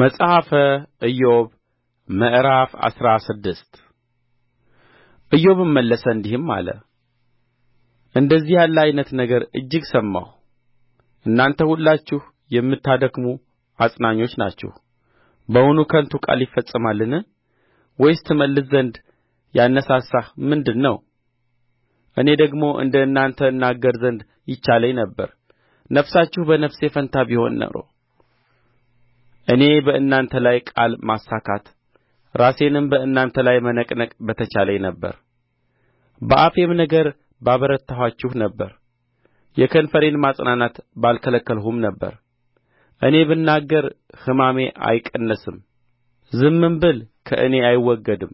መጽሐፈ ኢዮብ ምዕራፍ አስራ ስድስት ኢዮብም መለሰ እንዲህም አለ እንደዚህ ያለ ዓይነት ነገር እጅግ ሰማሁ። እናንተ ሁላችሁ የምታደክሙ አጽናኞች ናችሁ። በውኑ ከንቱ ቃል ይፈጸማልን? ወይስ ትመልስ ዘንድ ያነሳሳህ ምንድን ነው? እኔ ደግሞ እንደ እናንተ እናገር ዘንድ ይቻለኝ ነበር፣ ነፍሳችሁ በነፍሴ ፈንታ ቢሆን ኖሮ እኔ በእናንተ ላይ ቃል ማሳካት ራሴንም በእናንተ ላይ መነቅነቅ በተቻለኝ ነበር በአፌም ነገር ባበረታኋችሁ ነበር የከንፈሬን ማጽናናት ባልከለከልሁም ነበር እኔ ብናገር ሕማሜ አይቀነስም ዝምም ብል ከእኔ አይወገድም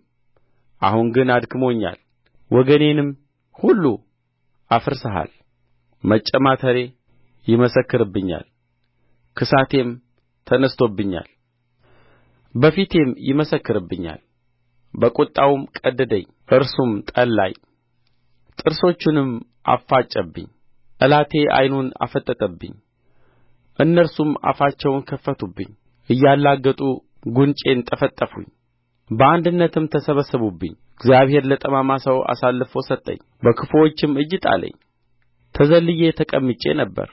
አሁን ግን አድክሞኛል ወገኔንም ሁሉ አፍርሰሃል መጨማተሬ ይመሰክርብኛል ክሳቴም ተነሥቶብኛል በፊቴም ይመሰክርብኛል በቍጣውም ቀደደኝ እርሱም ጠላኝ ጥርሶቹንም አፋጨብኝ ጠላቴ ዓይኑን አፈጠጠብኝ እነርሱም አፋቸውን ከፈቱብኝ እያላገጡ ጕንጬን ጠፈጠፉኝ በአንድነትም ተሰበሰቡብኝ እግዚአብሔር ለጠማማ ሰው አሳልፎ ሰጠኝ በክፉዎችም እጅ ጣለኝ ተዘልዬ ተቀምጬ ነበር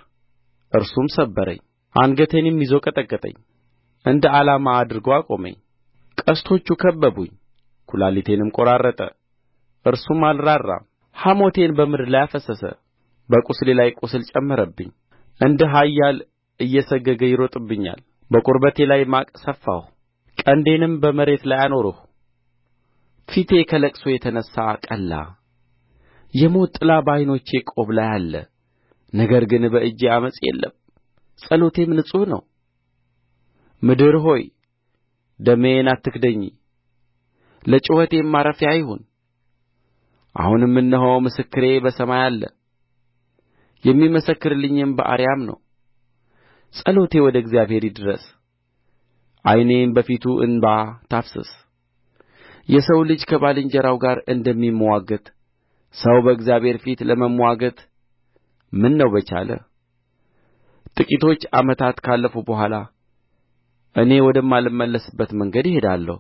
እርሱም ሰበረኝ አንገቴንም ይዞ ቀጠቀጠኝ እንደ ዓላማ አድርጎ አቆመኝ ቀስቶቹ ከበቡኝ ኵላሊቴንም ቈራረጠ እርሱም አልራራም ሐሞቴን በምድር ላይ አፈሰሰ በቍስሌ ላይ ቍስል ጨመረብኝ እንደ ኃያል እየሠገገ ይሮጥብኛል በቁርበቴ ላይ ማቅ ሰፋሁ ቀንዴንም በመሬት ላይ አኖርሁ ፊቴ ከለቅሶ የተነሣ ቀላ የሞት ጥላ በዓይኖቼ ቆብ ላይ አለ ነገር ግን በእጄ ዓመፅ የለም ጸሎቴም ንጹሕ ነው ምድር ሆይ ደሜን አትክደኚ ለጩኸቴም ማረፊያ አይሁን አሁንም እነሆ ምስክሬ በሰማይ አለ የሚመሰክርልኝም በአርያም ነው ጸሎቴ ወደ እግዚአብሔር ይድረስ ዓይኔም በፊቱ እንባ ታፍስስ የሰው ልጅ ከባልንጀራው ጋር እንደሚምዋገት ሰው በእግዚአብሔር ፊት ለመምዋገት ምነው በቻለ ጥቂቶች ዓመታት ካለፉ በኋላ እኔ ወደማልመለስበት መንገድ እሄዳለሁ